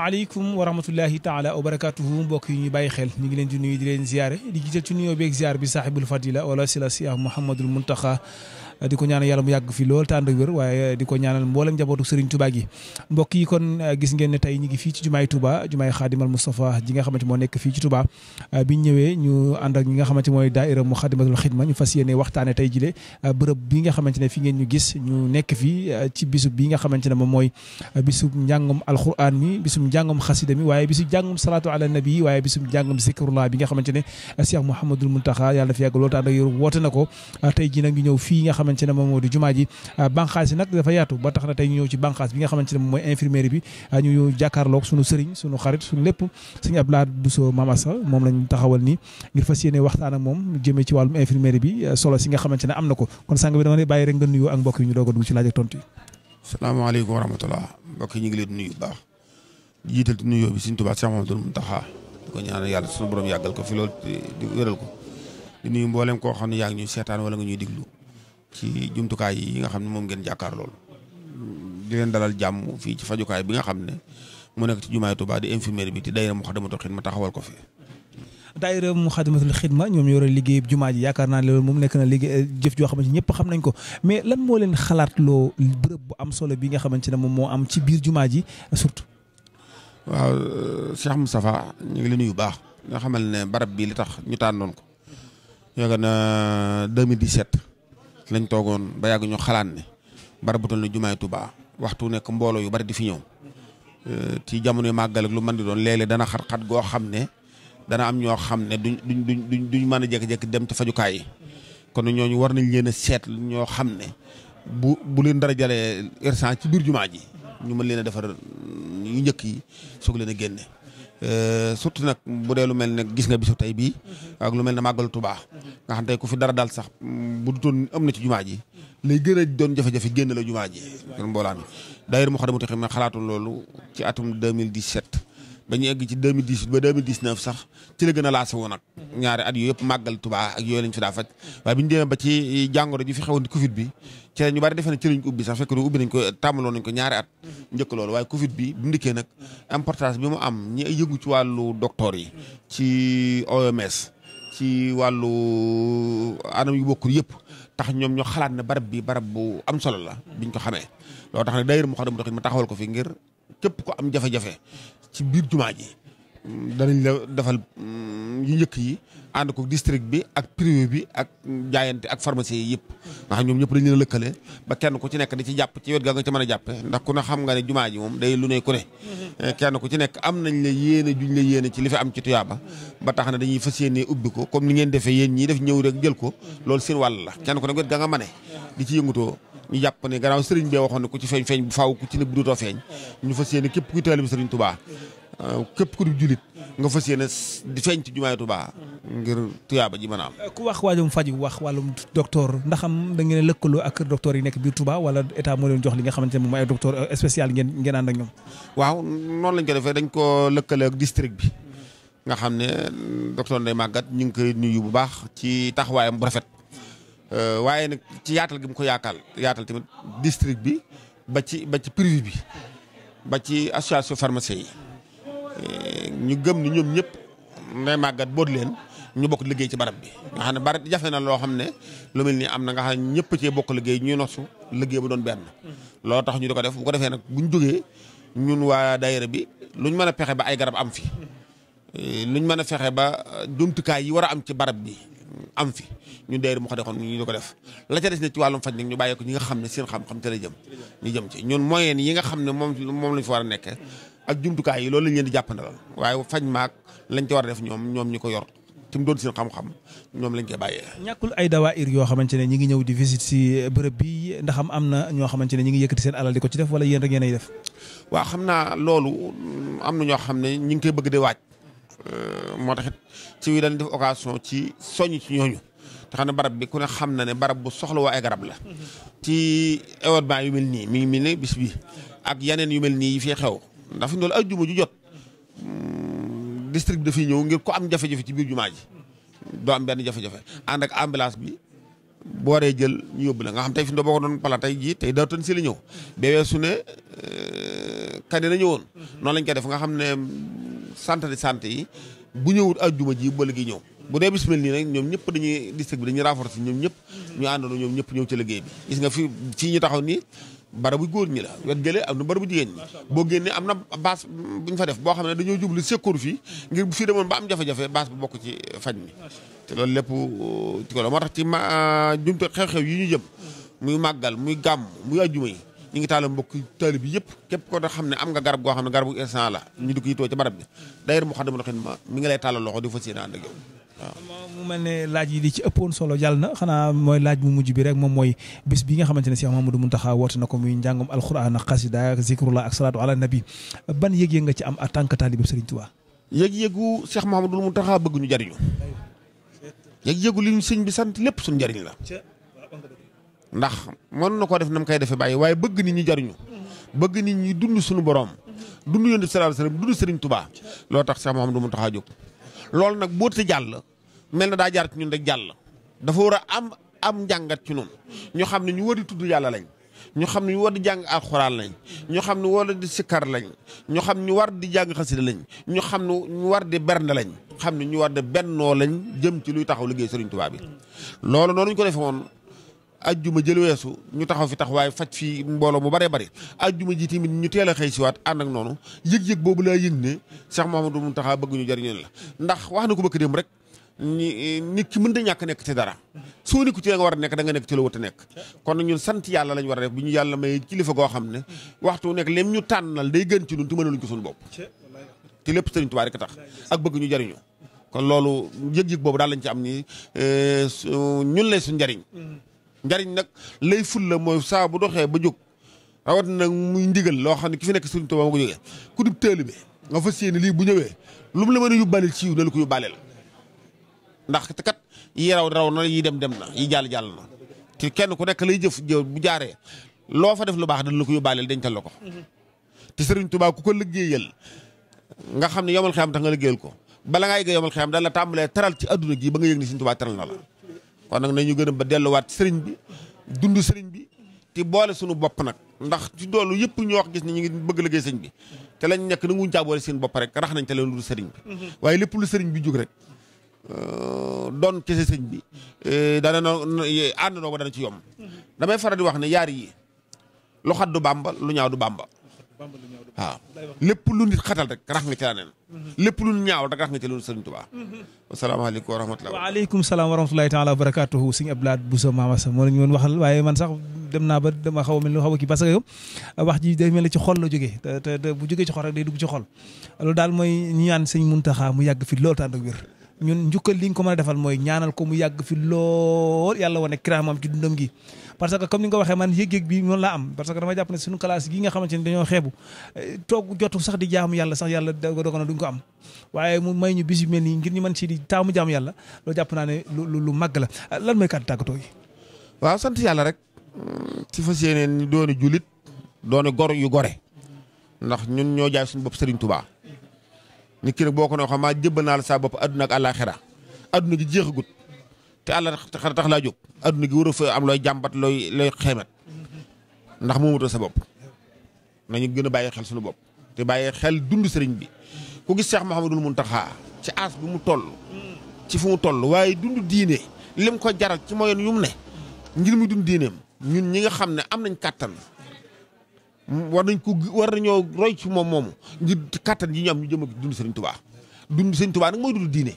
asalaamaaleykum wa rahmatullahi taala wa barakaatuhu mbokk yi ñuy bàyyi xel ñu ngi leen di nuyu di leen ziare di jiital ci nuyoo beeg ziar bi saaxibul fadila wala sila siyaah Muhammadul Muntaxa di ko ñaanal yàlla mu yàgg fi lool te ànd ak wér waaye di ko ñaanal mboolem njabootu Serigne Touba gi mbokk yi kon euh, gis ngeen ne tey ñu ngi fii ci jumaay Touba jumaay Xaadimal Moustapha ji nga xamante moo nekk fii ci Touba euh, bi ñu nga xamante mooy daaira mu Xaadimatul Xidma ñu fas yéene waxtaane tey jile euh, bërëb bi nga xamante ne fi ngeen gis ñu nekk fii ci bisub bi nga xamante ne moom mooy bisub njàngum alquran mi bisub njàngum xasida mi waaye bisub njàngum salaatu ala nabi waaye bisub njàngum zikrullah bi nga xamante ne Cheikh Mouhamadul Muntaxa yàlla fi yàgg lool te ànd ak woote na ko tey ji nag ñu ñëw fii nga xamante ne ah, nag ba tax na tey ñu ñëw ci banqaas bi nga xamante ne moom mooy infirmerie bi ah, ñu jàkkaarloog sunu sëriñ sunu xarit sunu lépp sëñ Abdoulaye Bousso Mamassa moom lañ ah, si nga xamante ne am na ko kon sàng bi dama nga nuyoo ak mbokk ñu doog a dugg ci laaj ak tontu yi salaamaaleykum wa rahmatullah mbokk yi ñu ngi leen nuyu baax jiital ci nuyoo bi suñ tubaa Cheikh ko ñaanal yàlla suñu borom yàggal ko fi loolu di wéral ko di nuyu mboolem koo xam ne yaa ngi ñuy seetaan wala nga ñuy diglu ci jumtukaay yi nga xam ne moom ngeen jàkkaar loolu di leen dalal jàmm fii ci fajukaay bi nga xam ne mu nekk ci jumaay Tuubaa di infirmière bi te daayira Muxaddamatul Xidma taxawal ko fi. daayira Muxaddamatul Xidma ñoom yore liggéey jumaa ji yaakaar naa ne loolu moom nekk na liggéey eh, jëf joo xamante ñëpp xam nañ ko mais lan moo leen xalaat loo bërëb bu am solo bi nga xamante ne moom moo am ci biir jumaa ji surtout. waaw euh, Cheikh safa ñu ngi leen yu baax nga xamal ne barab bii li tax ñu tànnoon ko yaakaar na 2017. lañ toogoon ba yàgg ñu xalaat ne barab bu toll ni jumaay tubaa waxtu nekk mbooloo yu bari di fi ñëw euh, ci jamono màggal ak lu mën di doon léeg dana xat-xat goo xam ne dana am ñoo xam ne duñ duñ duñ duñ mën a jékki-jékki dem ci fajukaay yi kon ñooñu war nañ leen a seet ñoo xam ne bu bu leen dara jalee irsan ci biir jumaa ji ñu mën leen a defar yu njëkk yi soog leen a génne. Euh, surtout nag bu dee lu mel ne gis nga bisu tey bii ak lu mel ne màggalu Tuubaa nga xam tey ku fi dara daal sax bu dutoon am na ci jumaa ji lay gën a doon jafe-jafe génn la jumaa ji kon mboolaan daayira Muxaddamatul Xidma xalaatu loolu ci atum 2017 ba ñu egg ci 2018 ba 2019 sax ci la gën a laase at yooyu yëpp màggal Tuubaa ak yooyu lañ fi daa faj waaye bi ñu demee ba ci jàngoro ji fi xewoon di Covid bi ci la ñu bari defee ne ci ko ubbi sax fekk ubbi nañ ko ko ñaari bi bu ndikkee nag importance bi mu am ñi yëgu ci wàllu docteur yi ci OMS ci wàllu anam yu bokkul yëpp tax ñoom ñoo xalaat ne barab bi barab bu am solo la biñ ko xamee loolu tax nag daayira Moukhaddamatoul Khidma ma taxawal ko fi ngir képp ko am jafe-jafe ci biir jumaa ji danañ la defal mm, yu njëkk yi ànd ko district bi ak privé bi ak jaayante ak pharmacie yi yëpp nga xam ñoom ñëpp dañ leen a lëkkale ba kenn ku ci nekk di ci jàpp ci wet ga nga ci mën a jàppe ndax ku ne xam nga ne jumaa ji moom day lu ne ku ne eh, kenn ku ci nekk am nañ la yéene juñ la yéene ci li fi am ci tuyaaba ba tax na dañuy fas yéene ubbi ko comme ni ngeen defee yéen ñii def ñëw rek jël ko loolu seen wàll la kenn ko ne wet ga nga mane di ci yëngutoo ñu jàpp ne gannaaw sëriñ bee waxoon ne ku ci feeñ feeñ bu faaw ku ci ne bu dootoo feeñ ñu fas yéene képp kuy taalibu sëriñ Touba euh, képp ku di julit nga fas yéene feeñ ci jumaay Touba ngir tuyaaba ji a am ku wax wàllum faju wax wàllum docteur ndax am da ak docteur yi nekk biir Touba wala état moo leen jox li nga euh, ko defee dañ ko lëkkale ak district bi nga xam ne docteur Ndeye Maguette ñu ngi koy nuyu bu baax ci taxawaayam bu rafet Euh, waaye nag ci yaatal gi mu ko yaakaal yaatal tamit district bi ba ci ba ci privé bi ba ci association pharmacien yi euh, ñu gëm ni ñoom ñëpp nday màggat boot leen ñu bokk liggéey ci barab bi nga xam ne barab jafe na loo xam ne lu mel ni am na nga xam ne ñëpp cee bokk liggéey ñuy nosu liggéey bu doon benn loolu tax ñu di ko def bu ko defee nag bu ñu jógee ñun waa daayira bi luñ mën a pexe ba ay garab am fi euh, luñ mën a fexe ba jumtukaay yi war a am ci barab bi am fi ñu deeri mu xa dekoon ñu di ko def la ca des ne ci wàllum faj nag ñu bàyyi ñi nga xam ne seen xam-xam te la jëm ñu jëm ci ñun moyen yi nga xam ne moom moom lañ fa war a nekke ak jumtukaay yi loolu lañ leen di jàppandalal waaye faj maag lañ ko war a def ñoom ñoom ñi ko yor te mu doon seen xam-xam ñoom lañ koy bàyyee. ñàkkul ay dawaayir yoo xamante ne ñi ngi ñëw di visit si bërëb bi ndax am na ñoo xamante ne ñi ngi yëkkati seen alal di ko ci def wala yéen rek ngeen ay xam naa loolu am na ñoo xam ne ñi ngi koy bëgg di waaj Euh, moo tax it ci wi dañ def occasion ci soññ ci ñooñu te xam ne barab bi ku ne xam na ne barab bu soxla waa ay garab la ci événement yu mel nii mi ngi mel ne bis bi ak yeneen yu mel nii yi fii xew ndax fi loolu ay juma ju jot mm, district de fi ñëw ngir ko am jafe-jafe ci biir jumaa ji doo am benn jafe-jafe ànd ak ambulance bi booree jël ñu yóbbu la nga xam tey fi mu boo ko doon pala tey jii tey dootoon si li ñëw. bee weesu ne euh, kañ la ñëwoon. Mm-hmm. noonu lañ koy def centre de santé yi bu ñëwut ajjuma ji ba léegi ñëw bu dee bismil nii nag ñoom ñëpp dañuy district bi dañuy renforcer ñoom ñëpp ñu àndoon ñoom ñëpp ñëw ci liggéey bi gis nga fi ci ñu taxaw nii bu góor ñi la wet gële am na barabu jigéen ñi boo génnee am na baas buñ fa def boo xam ne dañoo jublu secours fii ngir bu fii demoon ba am jafe-jafe baas bu bokk ci faj mi te loolu lépp ci la moo tax ci ma jumte xew-xew yi ñu jëm muy màggal muy gàmm muy ajjuma yi ñu ngi taal mbokk taalib bi yëpp képp ko xam ne la ñu bi d'ailleurs mu xadama mel ne laaj yi li ci ëppoon solo jàll na xanaa mooy laaj bu mujj bi rek moom mooy bis bi nga xamante ne Cheikh Mamadou Mountakha woote na ko muy njàngum alxuraan ak xasida ak zikrullah ak salaatu ala nabi ban yëg bëgg ñu jariñu yëg-yëgu li ñu sëñ bi sant lépp suñu jariñ la ndax mën na koo def nam koy defee bàyyi waaye bëgg nit ñi jariñu bëgg nit ñi dund suñu borom dund yonent sallallahu alayhi wasallam dund Sëriñ Tuubaa loo tax sax moom du mu tax a jóg loolu nag boo te jàll mel na daa jaar ci ñun rek jàll dafa war a am am njàngat ci noonu ñu xam ne ñu war di tudd yàlla lañ ñu xam ne ñu war di jàng alxuraan lañ ñu xam ne war di sikkar lañ ñu xam ñu war di jàng xasida lañ ñu xam ne ñu war di bernde lañ xam ne ñu war di bennoo lañ jëm ci luy taxaw liggéey Sëriñ Tuubaa bi loolu noonu ñu ko defee woon ajjuma jël weesu ñu taxaw fi waaye faj fi mbooloo mu baree bari ajjuma ji tamit ñu teel a xëy siwaat ànd ak noonu yëg-yëg boobu laa yëg ne Cheikh Mouhamadou Mountakha bëgg la ndax wax na ko bëgg dem rek ñi nit ki mën da ñàkk nekk ci dara soo nekku ci la war a nekk da nga nekk ci la wut nekk kon ñun sant yàlla lañ war a bu ñu yàlla may goo xam ne waxtu nekk lem ñu tànnal day gën ci ñun te mënaluñ ko suñu bopp te lépp sëriñ Tuubaa rek tax ak bëgg ñu kon loolu yëg boobu daal lañ ci am ni eh, ñun lay suñ njariñ njariñ nag lay ful la mooy saa bu doxee ba jóg rawat nag muy ndigal loo xam ne ki fi nekk Sëriñ Tuubaa ma ko jógee ku dib taalibe nga fa yéene lii bu ñëwee lu mu la mën a yóbbaale ci yiw na la ko yóbbaaleel ndax kat yi raw raw na yi dem dem na yi jàll jàll na te kenn ku nekk lay jëf jëf bu jaaree loo fa def lu baax dana la ko yóbbaaleel dencal la ko te Sëriñ Tuubaa ku ko liggéeyal nga xam ne yomal xiyam tax nga liggéeyal ko bala ngaa yëgee yomal xiyam dana la tàmbalee taral ci adduna gi ba nga yëg ni Sëriñ Tuubaa kon nag nañu gën a ba delluwaat sëriñ bi dund sëriñ bi ti boole sunu bopp nag ndax ci doolu yëpp ñu wax gis ni ñu ngi bëgg liggéey sëñ bi te lañ nekk na nguñ caa boole seen bopp rek rax nañ te leen lu sëriñ bi mhm. waaye lépp lu sëriñ bi jóg rek euh, doon kese sëñ bi euh, dana na ànd noo ko dana ci yomb mhm. damay faral di wax ne yaar yi lu xat du bàmba lu ñaaw du bàmba waaw lépp lu nit xatal rek rax nga ci la neen lépp lu ñaaw rek rax nga ci loolu sëriñ Tuubaa asalaamaaleykum wa rahmatulah waaleykum salaam wa rahmatulahi wa barakaatuhu sëñ Abdou Lahad Bousso Mama Sa moo ñu waxal waaye man sax dem naa ba dama xaw a mel ni xaw a kii parce que wax ji day mel ni ci xol la jógee te te bu jógee ci xol rek day dugg ci xol loolu daal mooy ñaan sëñ Muntaxa mu yàgg fi loolu tànd ak wér ñun njukkal li nga ko mën a defal mooy ñaanal ko mu yàgg fi lool yàlla wane kiraamam ci dundam gi parce que comme ni nga waxee man yëg-yëg bi noonu laa am parce que dama jàpp ne suñu classe gi ne dañoo xeebu eh, toog jotu sax di yàlla sax yàlla dogal na duñ ko am mu may ñu nii ngir ñu mën si di taamu jaamu yàlla loolu jàpp naa ne lu lu màgg la lan mooy kàddu tàggatoo yi waaw sant yàlla rek mm, ci fas yéeneen dooni julit dooni gor yu gore ndax ñun ñoo jaay suñu bopp Serigne Touba ni kii nag boo ko noo xam maa jëbb naa la saa bopp aduna ak àllaaxira adduna gi jeexagut te àlla tax laa jóg adduna gi war a fa am looy jàmbat looy looy xeemet ndax moomatoo sa bopp nañu gën a bàyyi xel suñu bopp te bàyyi xel dund sëriñ bi ku gis Cheikh Mouhamadul taxaa ci aas bi mu toll ci fu mu toll waaye dund diine lim ko jaral ci mooyoon yu mu ne ngir mu dund diineem ñun ñi nga xam ne am nañ kàttan war nañ ko war nañoo roy ci moom moomu ngir kattan yi ñu am ñu jëm ak dund Serigne Touba. dund Serigne Touba nag mooy dund diine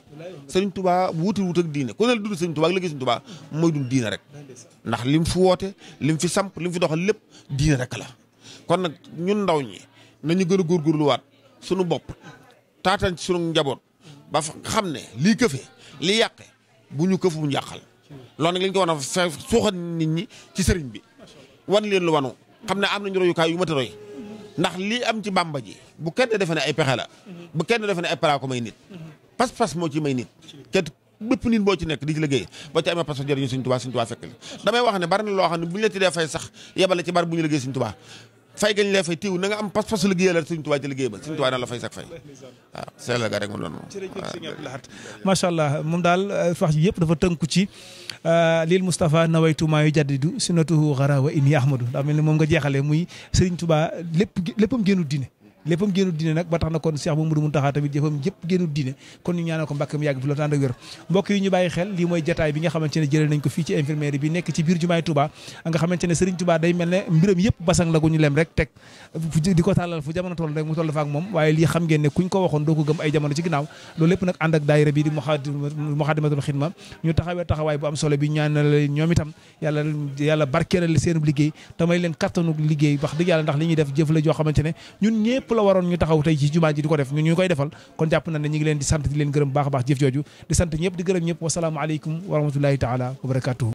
Serigne Touba wuute wuute ak diine ku ne la dund Serigne Touba ak liggéey Serigne Touba mooy dund diine rek ndax lim fi woote lim fi samp lim fi doxal lépp diine rek la. kon nag ñun ndaw ñi na ñu gën a góorgóorluwaat sunu bopp taataan ci sunu njaboot ba xam ne lii këfe li yàqe bu ñu këf bu ñu yàqal loolu nag lañ ko war a suuxal nit ñi ci sëriñ bi wan leen lu wanu xam ne am nañu royukaay yu mat a roy ndax lii am ci bàmba ji bu kenn defe ne ay pexe la bu kenn defe ne ay para may nit pas-pas moo ci may nit kenn bépp nit boo ci nekk di ci la tuddee ba Sëñ Tuubaa na la fay sax fay ma doon moom masha Allah moom daal euh, wax ji yëpp dafa tënku ci Euh, lil Moustapha nawaytu maa yu jaddidu sunnatuhu xara wa inni ahmadu ndax mel ni moom nga jeexale muy Serigne Touba lépp léppam génnu diine léppam génnu diine nag ba tax na kon Cheikh Mamadou Mountakha tamit jëfam yëpp génnu diine kon ñu ñaanal ko mbàkkam yàgg fi loolu tànd ne jëlee nañ ko fii ci infirmerie bi nekk ci biir la gu mu toll ci ginnaaw loolu lépp nag ànd ak daayira bi di Moukhaddamatoul Khidma ñu taxawee taxawaay bu seen liggéey leen kattanu liggéey wax dëgg yàlla ndax li ñuy def jëf la joo xamante ne la waroon ñu taxaw tey ci jumaa ji di ko def ñu ñu koy defal kon jàpp na ne ñu ngi di sant di leen gërëm baax a baax jëf jooju di sant ñëpp di gërëm ñëpp wasalaamu aleykum wa taala wa